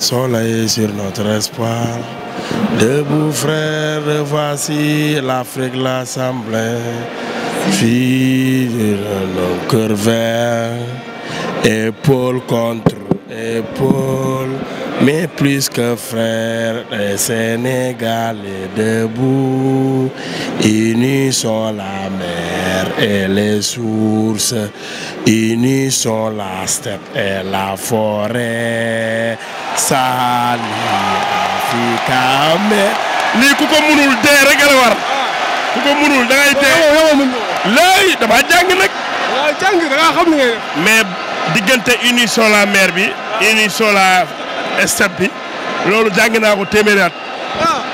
Soleil sur notre espoir, debout frères, voici l'Afrique l'assemblée, fille de nos cœurs verts, épaule contre épaule, mais plus que frères, les Sénégalais debout, unissons la mer et les sources, unissons la steppe et la forêt. sali fi kaame lii ku ko munul dee rek la war ku ko munul da dee léegi dama jàng nag waaw diggante unisol la mer bi unisol la step bi loolu jàng naa téeméeri at ah.